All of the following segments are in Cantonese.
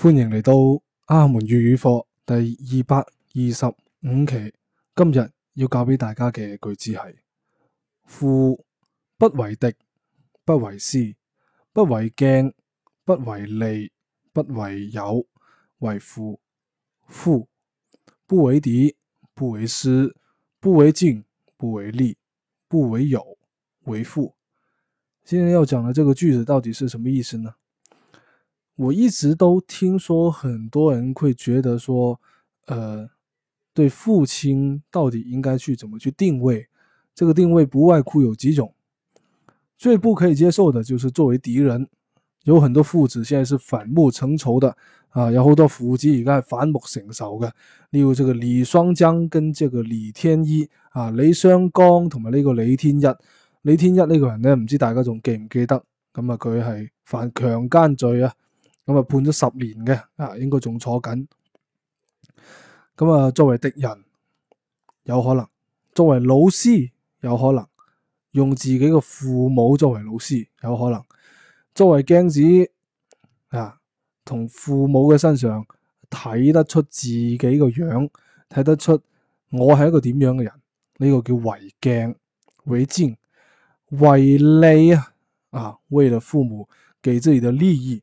歡迎嚟到阿門粵語課第二百二十五期。今日要教俾大家嘅句子係：父不為敵，不為師，不為鏡，不為利，不為友，為父。父，不為敵，不為師，不為鏡，不為利，不為友，為父」，現在要講嘅這個句子到底是什麼意思呢？我一直都聽說，很多人會覺得說，呃，對父親到底應該去怎麼去定位？這個定位不外乎有幾種，最不可以接受的就是作為敵人，有很多父子現在是反目成仇的啊，有好多父子而家係反目成仇嘅。例如這個李雙江跟這個李天一啊，李雙江同埋呢個李天一，李天一呢個人呢，唔知大家仲記唔記得？咁，嗯，啊，佢係犯強奸罪啊。咁啊判咗十年嘅，啊應該仲坐緊。咁啊作為敵人有可能，作為老師有可能，用自己嘅父母作為老師有可能，作為鏡子啊，同父母嘅身上睇得出自己個樣，睇得出我係一個點樣嘅人，呢個叫為鏡，為鏡，為利啊，啊為了父母，給自己的利益。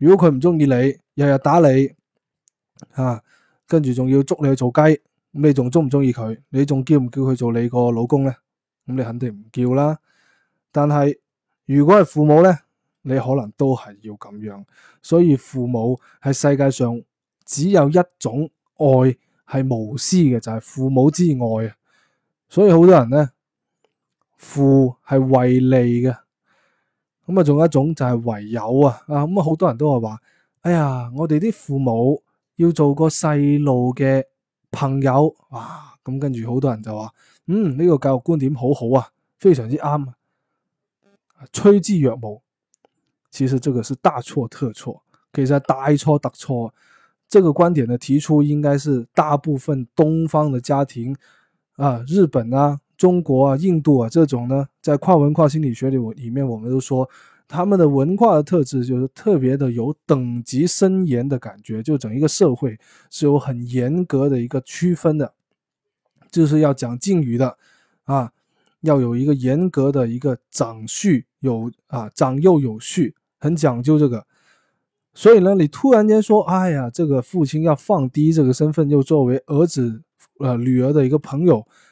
如果佢唔中意你，日日打你，啊，跟住仲要捉你去做雞，咁你仲中唔中意佢？你仲叫唔叫佢做你個老公呢？咁你肯定唔叫啦。但係如果係父母呢，你可能都係要咁樣。所以父母係世界上只有一種愛，係無私嘅，就係父母之愛。所以好多人呢，父係為利嘅。咁啊，仲有一種就係為友啊，啊咁啊，好、嗯、多人都係話，哎呀，我哋啲父母要做個細路嘅朋友，哇、啊！咁、嗯、跟住好多人就話，嗯，呢、這個教育觀點好好啊，非常之啱，啊。」趨之若鶩。其實這個是大錯特錯，其實大錯特錯。這個觀點呢，提出應該是大部分東方的家庭，啊，日本啊。中國啊、印度啊這種呢，在跨文化心理學裏，我裏面我們都說他們的文化的特質就是特別的有等級森嚴的感覺，就整一個社會是有很嚴格的一個區分的，就是要講敬語的啊，要有一個嚴格的一個長序有啊長幼有序，很講究這個。所以呢，你突然間說，哎呀，這個父親要放低這個身份，又作為兒子、呃女兒的一個朋友。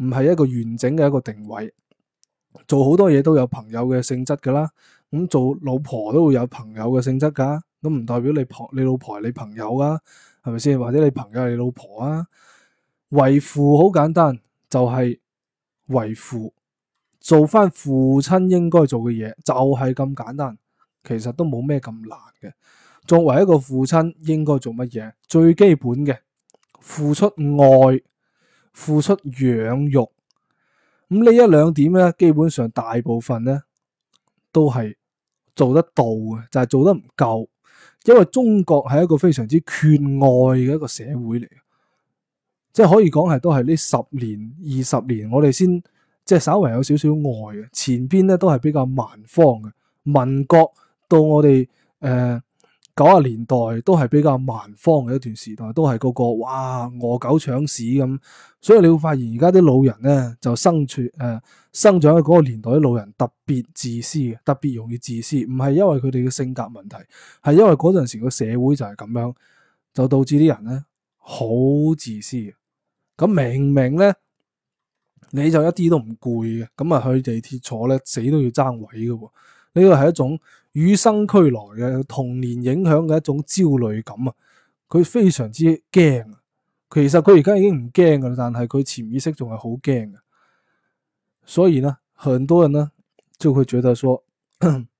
唔係一個完整嘅一個定位，做好多嘢都有朋友嘅性質噶啦。咁、嗯、做老婆都會有朋友嘅性質噶、啊，咁唔代表你婆、你老婆係你朋友啊，係咪先？或者你朋友係你老婆啊？為父好簡單，就係、是、為父做翻父親應該做嘅嘢，就係、是、咁簡單。其實都冇咩咁難嘅。作為一個父親應該做乜嘢？最基本嘅，付出愛。付出養育，咁呢一兩點咧，基本上大部分咧都係做得到嘅，就係、是、做得唔夠，因為中國係一個非常之缺愛嘅一個社會嚟，即係可以講係都係呢十年二十年我，我哋先即係稍微有少少愛嘅，前邊咧都係比較蠻荒嘅，民國到我哋誒。呃九十年代都係比較蠻荒嘅一段時代，都係嗰、那個哇餓狗搶屎咁，所以你會發現而家啲老人咧就生存誒、呃、生長喺嗰個年代，啲老人特別自私嘅，特別容易自私，唔係因為佢哋嘅性格問題，係因為嗰陣時個社會就係咁樣，就導致啲人咧好自私嘅。咁明明咧你就一啲都唔攰嘅，咁啊去地鐵坐咧死都要爭位嘅喎，呢個係一種。與生俱來嘅童年影響嘅一種焦慮感啊，佢非常之驚。其實佢而家已經唔驚噶啦，但係佢潛意識仲係好驚。所以呢，很多人呢就會覺得說，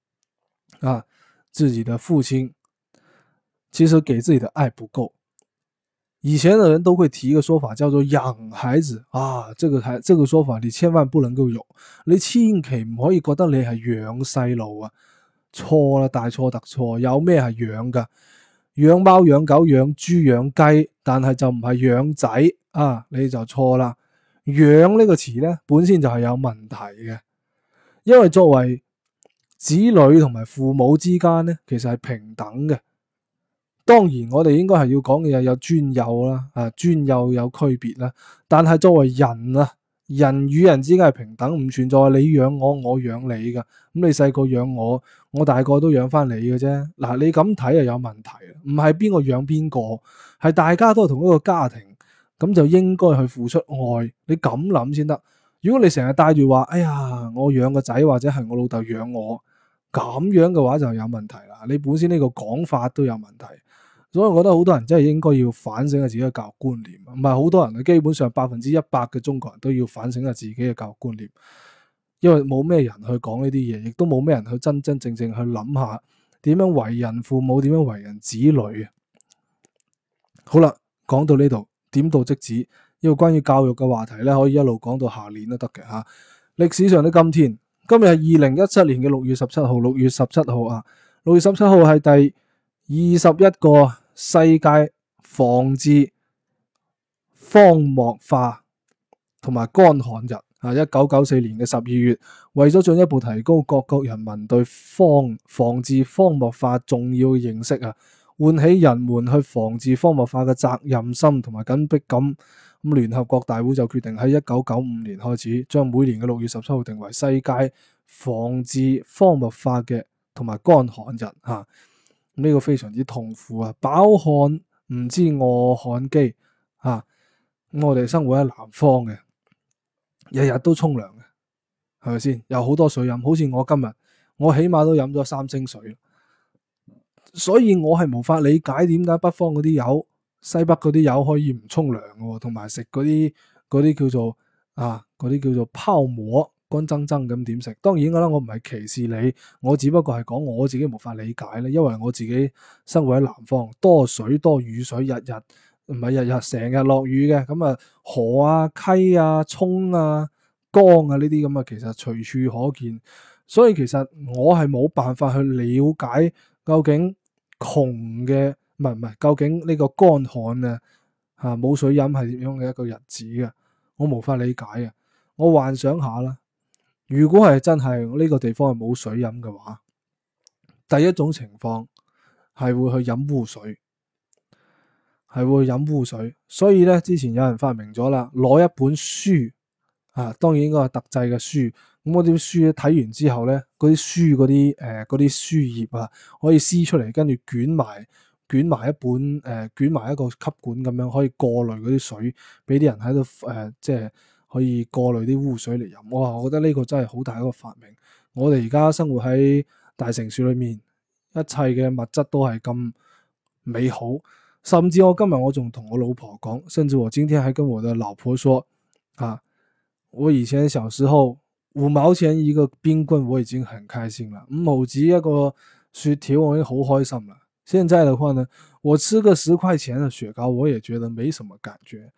啊，自己的父親其實給自己的愛不夠。以前的人都會提一個說法，叫做養孩子啊。這個開這個說法你千萬不能夠有，你千祈唔可以覺得你係養細路啊。錯啦，大錯特錯。有咩係養噶？養貓、養狗、養豬、養雞，但係就唔係養仔啊，你就錯啦。養呢個詞呢，本身就係有問題嘅，因為作為子女同埋父母之間呢，其實係平等嘅。當然，我哋應該係要講嘅又有尊幼啦，啊，尊幼有，有區別啦。但係作為人啊。人與人之間係平等，唔存在你養我，我養你噶。咁你細個養我，我大個都養翻你嘅啫。嗱，你咁睇又有問題啊！唔係邊個養邊個，係大家都同一個家庭，咁就應該去付出愛。你咁諗先得。如果你成日帶住話，哎呀，我養個仔或者係我老豆養我，咁樣嘅話就有問題啦。你本身呢個講法都有問題。所以我覺得好多人真係應該要反省下自己嘅教育觀念，唔係好多人，基本上百分之一百嘅中國人都要反省下自己嘅教育觀念，因為冇咩人去講呢啲嘢，亦都冇咩人去真真正正去諗下點樣為人父母，點樣為人子女啊。好啦，講到呢度，點到即止。呢個關於教育嘅話題咧，可以一路講到下年都得嘅吓。歷史上的今天，今日係二零一七年嘅六月十七號，六月十七號啊，六月十七號係第。二十一個世界防治荒漠化同埋乾旱日啊！一九九四年嘅十二月，為咗進一步提高各國人民對防防治荒漠化重要認識啊，喚起人們去防治荒漠化嘅責任心同埋緊迫感，咁聯合國大會就決定喺一九九五年開始，將每年嘅六月十七號定為世界防治荒漠化嘅同埋乾旱日啊！呢個非常之痛苦啊！飽漢唔知餓漢飢啊！嗯、我哋生活喺南方嘅，日日都沖涼嘅，係咪先？有好多水飲，好似我今日我起碼都飲咗三升水。所以我係無法理解點解北方嗰啲友，西北嗰啲友可以唔沖涼嘅，同埋食嗰啲啲叫做啊啲叫做泡饃。乾爭爭咁點食？當然啦，我唔係歧視你，我只不過係講我自己無法理解咧，因為我自己生活喺南方，多水多雨，多雨水，日日唔係日日成日落雨嘅，咁、嗯、啊河啊溪啊涌啊江啊呢啲咁啊，其實隨處可見，所以其實我係冇辦法去了解究竟窮嘅，唔係唔係，究竟呢個乾旱嘅吓冇水飲係點樣嘅一個日子嘅，我無法理解嘅，我幻想下啦。如果係真係呢個地方係冇水飲嘅話，第一種情況係會去飲污水，係會飲污水。所以咧，之前有人發明咗啦，攞一本書啊，當然應該係特製嘅書。咁我啲書睇完之後咧，嗰啲書嗰啲誒啲書頁啊，可以撕出嚟，跟住捲埋捲埋一本誒，呃，捲埋一個吸管咁樣，可以過濾嗰啲水，俾啲人喺度誒，即係。可以過濾啲污水嚟飲，哇！我覺得呢個真係好大一個發明。我哋而家生活喺大城市裏面，一切嘅物質都係咁美好。甚至我今日我仲同我老婆講，甚至我今天還跟我的老婆說，啊，我以前小時候五毛錢一個冰棍我已經很開心啦，五毛子一個雪條我已經好開心啦。現在的話呢，我吃個十塊錢嘅雪糕，我也覺得沒什麼感覺。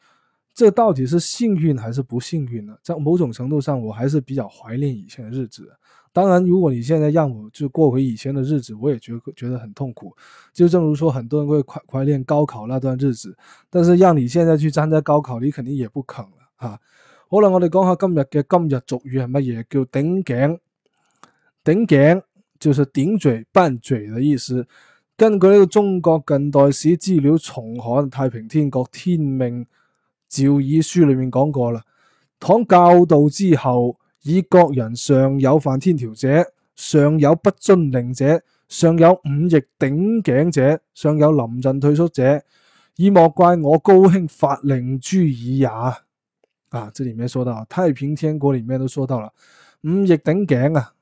這到底是幸運還是不幸運呢？在某種程度上，我還是比較懷念以前的日子。當然，如果你現在讓我就過回以前的日子，我也覺得覺得很痛苦。就正如說，很多人會懷念高考那段日子，但是讓你現在去參加高考，你肯定也不肯了啊。好了，我哋講下今日嘅今日俗語係乜嘢？叫頂頸頂頸，頂頸就是頂嘴拌嘴的意思。根據呢個中國近代史資料，叢刊太平天國天命。《趙爾書》裏面講過啦，倘教導之後，以國人尚有犯天條者，尚有不遵令者，尚有五逆頂頸者，尚有臨陣退縮者，以莫怪我高兄法令誅爾也。啊，這裏面說到太平天國裏咩都說到了五逆頂頸啊，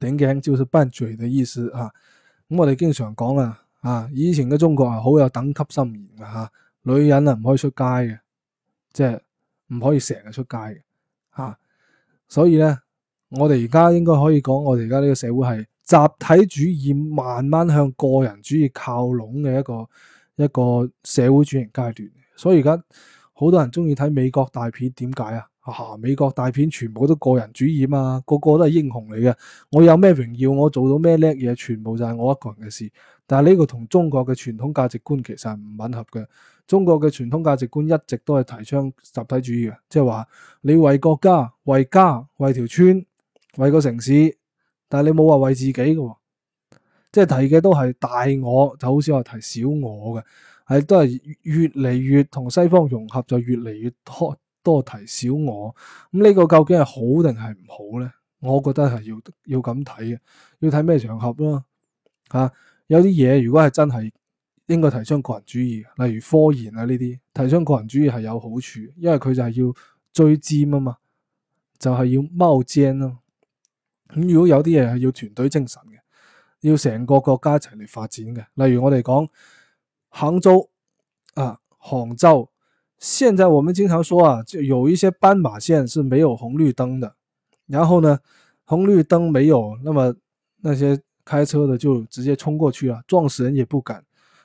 頂頸就是拌嘴的意思啊。咁我哋經常講啊，啊，以前嘅中國啊，係好有等級森嚴嘅吓。啊女人啊，唔可以出街嘅，即係唔可以成日出街嘅嚇、啊。所以呢，我哋而家應該可以講，我哋而家呢個社會係集體主義慢慢向個人主義靠攏嘅一個一個社會主義階段。所以而家好多人中意睇美國大片，點解啊？嚇，美國大片全部都個人主義嘛，個個都係英雄嚟嘅。我有咩榮耀，我做到咩叻嘢，全部就係我一個人嘅事。但係呢個同中國嘅傳統價值觀其實係唔吻合嘅。中國嘅傳統價值觀一直都係提倡集體主義嘅，即係話你為國家、為家、為條村、為個城市，但係你冇話為自己嘅，即係提嘅都係大我，就好少話提小我嘅，係都係越嚟越同西方融合，就越嚟越多多提小我。咁呢個究竟係好定係唔好咧？我覺得係要要咁睇嘅，要睇咩場合咯。嚇，啊，有啲嘢如果係真係。應該提倡個人主義，例如科研啊呢啲提倡個人主義係有好處，因為佢就係要追尖啊嘛，就係、是、要冒尖咯、啊。咁、嗯、如果有啲嘢係要團隊精神嘅，要成個國家一齊嚟發展嘅，例如我哋講杭州。啊，杭州。現在我們經常說啊，就有一些斑馬線是沒有紅綠燈的，然後呢，紅綠燈沒有，那麼那些開車的就直接衝過去啊，撞死人也不敢。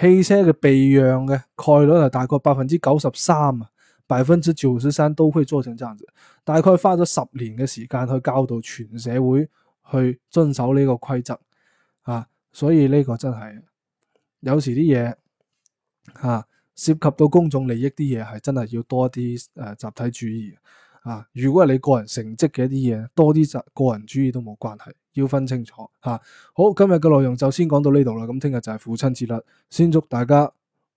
汽車嘅避讓嘅概率係大概百分之九十三啊，百分之九十三都會做成這樣子，大概花咗十年嘅時間去教導全社會去遵守呢個規則啊，所以呢個真係有時啲嘢啊，涉及到公眾利益啲嘢係真係要多啲誒集體主義啊，如果係你個人成績嘅一啲嘢，多啲集個人主義都冇關係。要分清楚吓、啊，好，今日嘅內容就先講到呢度啦。咁聽日就係父親節啦，先祝大家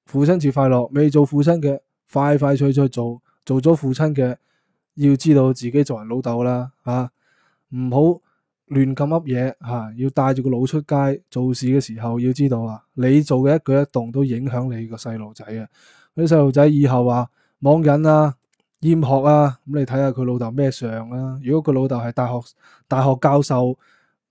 父親節快樂。未做父親嘅，快快脆脆做；做咗父親嘅，要知道自己做人老豆啦吓，唔好亂咁噏嘢吓。要帶住個腦出街做事嘅時候，要知道啊，你做嘅一舉一動都影響你個細路仔啊。啲細路仔以後人啊，網癮啊，厭學啊，咁你睇下佢老豆咩相啊。如果佢老豆係大學大學教授，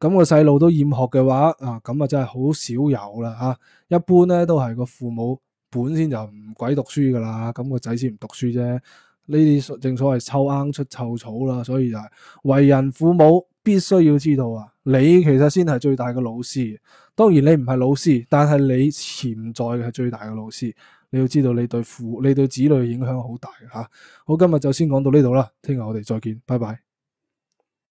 咁個細路都厭學嘅話，啊，咁啊真係好少有啦吓、啊。一般咧都係個父母本身就唔鬼讀書噶啦，咁、啊、個仔先唔讀書啫。呢啲正所謂臭罌出臭草啦，所以就係為人父母必須要知道啊。你其實先係最大嘅老師，當然你唔係老師，但係你潛在嘅係最大嘅老師。你要知道你對父、你對子女嘅影響好大吓、啊。好，今日就先講到呢度啦，聽日我哋再見，拜拜。